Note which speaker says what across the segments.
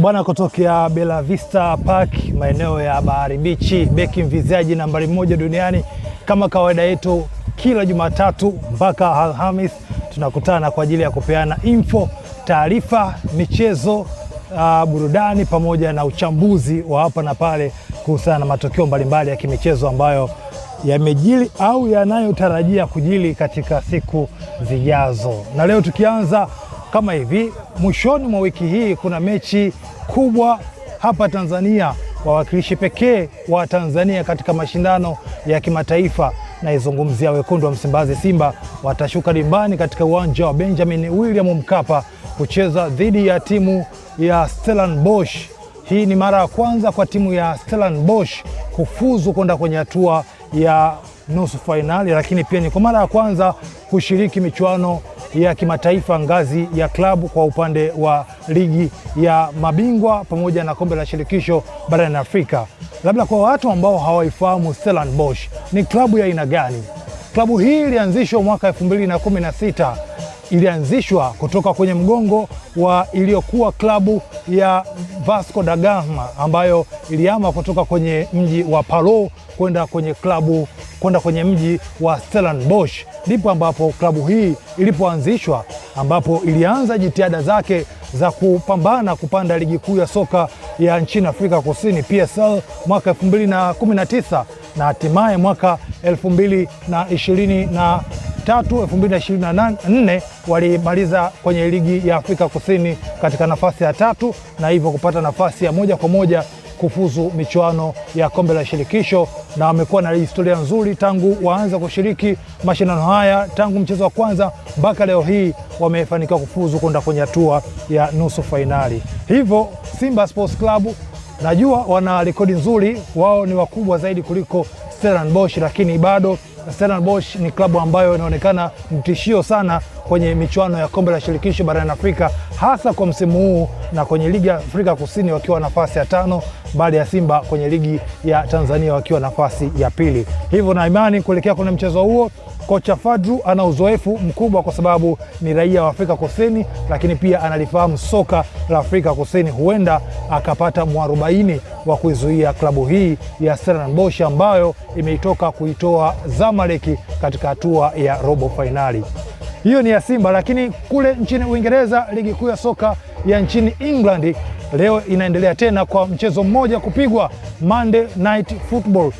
Speaker 1: Bwana kutokea Bella Vista Park maeneo ya Bahari Bichi, beki mviziaji nambari moja duniani. Kama kawaida yetu kila Jumatatu mpaka Alhamis tunakutana kwa ajili ya kupeana info, taarifa, michezo, uh, burudani pamoja na uchambuzi wa hapa na pale kuhusiana na matokeo mbalimbali ya kimichezo ambayo yamejili au yanayotarajia kujili katika siku zijazo, na leo tukianza kama hivi. Mwishoni mwa wiki hii kuna mechi kubwa hapa Tanzania, wawakilishi pekee wa Tanzania katika mashindano ya kimataifa naizungumzia wekundu wa Msimbazi Simba watashuka dimbani katika uwanja wa Benjamin William Mkapa kucheza dhidi ya timu ya Stellenbosch. Hii ni mara ya kwanza kwa timu ya Stellenbosch kufuzu kwenda kwenye hatua ya nusu fainali, lakini pia ni kwa mara ya kwanza kushiriki michuano ya kimataifa ngazi ya klabu kwa upande wa ligi ya mabingwa pamoja na kombe la shirikisho barani Afrika. Labda kwa watu ambao hawaifahamu Stellenbosch ni klabu ya aina gani? Klabu hii ilianzishwa mwaka 2016 ilianzishwa kutoka kwenye mgongo wa iliyokuwa klabu ya Vasco da Gama ambayo ilihama kutoka kwenye mji wa palo kwenda kwenye klabu kwenda kwenye mji wa Stellenbosch, ndipo ambapo klabu hii ilipoanzishwa, ambapo ilianza jitihada zake za kupambana kupanda ligi kuu ya soka ya nchini Afrika Kusini PSL mwaka 2019 na hatimaye mwaka 2020 na 2023 2024 walimaliza kwenye ligi ya Afrika Kusini katika nafasi ya tatu na hivyo kupata nafasi ya moja kwa moja kufuzu michuano ya kombe la shirikisho, na wamekuwa na historia nzuri tangu waanza kushiriki mashindano haya, tangu mchezo wa kwanza mpaka leo hii wamefanikiwa kufuzu kwenda kwenye hatua ya nusu fainali. Hivyo Simba Sports Club najua wana rekodi nzuri, wao ni wakubwa zaidi kuliko Stellenbosch, lakini bado Stellenbosch ni klabu ambayo inaonekana ni tishio sana kwenye michuano ya kombe la shirikisho barani Afrika, hasa kwa msimu huu, na kwenye ligi ya Afrika Kusini wakiwa nafasi ya tano, baada ya Simba kwenye ligi ya Tanzania wakiwa nafasi ya pili. Hivyo na imani kuelekea kwenye mchezo huo Kocha fadru ana uzoefu mkubwa kwa sababu ni raia wa Afrika Kusini, lakini pia analifahamu soka la Afrika Kusini. Huenda akapata mwarobaini wa kuizuia klabu hii ya Stellenbosch ambayo imeitoka kuitoa Zamalek katika hatua ya robo fainali. Hiyo ni ya Simba, lakini kule nchini Uingereza, ligi kuu ya soka ya nchini England leo inaendelea tena kwa mchezo mmoja kupigwa Monday Night Football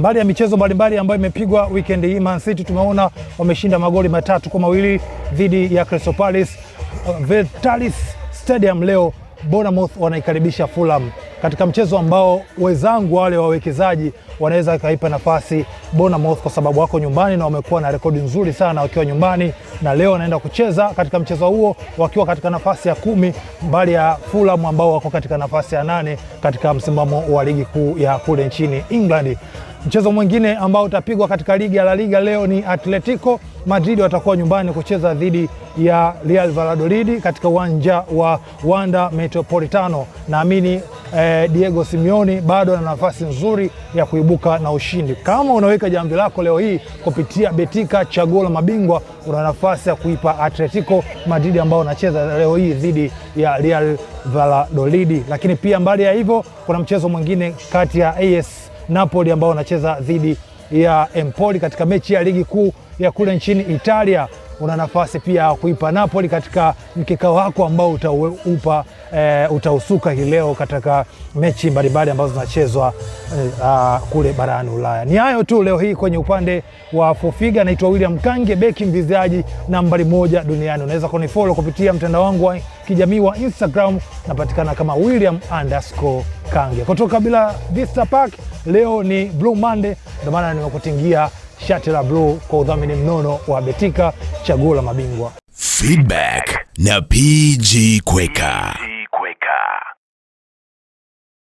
Speaker 1: Mbali ya michezo mbalimbali ambayo imepigwa weekend hii, Man City tumeona wameshinda magoli matatu kwa mawili dhidi ya Crystal Palace. Uh, Vitalis Stadium leo Bournemouth wanaikaribisha Fulham katika mchezo ambao wenzangu wale wawekezaji wanaweza kaipa nafasi Bournemouth kwa sababu wako nyumbani na wamekuwa na rekodi nzuri sana wakiwa nyumbani, na leo wanaenda kucheza katika mchezo huo wakiwa katika nafasi ya kumi mbali ya Fulham ambao wako katika nafasi ya nane katika msimamo wa ligi kuu ya kule nchini England. Mchezo mwingine ambao utapigwa katika ligi ya La Liga leo ni Atletico Madrid watakuwa nyumbani kucheza dhidi ya Real Valladolid katika uwanja wa Wanda Metropolitano. Naamini eh, eh, Diego Simeone bado ana nafasi nzuri ya kuibuka na ushindi. Kama unaweka jambo lako leo hii kupitia Betika chaguo la mabingwa, una nafasi ya kuipa Atletico Madrid ambao wanacheza leo hii dhidi ya Real Valladolid. Lakini pia mbali ya hivyo, kuna mchezo mwingine kati ya AS Napoli ambao wanacheza dhidi ya Empoli katika mechi ya ligi kuu ya kule nchini Italia una nafasi pia ya kuipa Napoli katika mkeka wako ambao utaupa e, utausuka hii leo katika mechi mbalimbali ambazo zinachezwa e, kule barani Ulaya. Ni hayo tu leo hii kwenye upande wa Fofiga. Naitwa William Kange, beki mvizaji nambari moja duniani. Unaweza kunifollow kupitia mtandao wangu wa kijamii wa Instagram, napatikana kama William underscore Kange. Kutoka bila Vista Park, leo ni Blue Monday, ndio maana nimekutingia shati la bluu kwa udhamini mnono wa Betika, chaguo la mabingwa. Feedback na PG Kweka.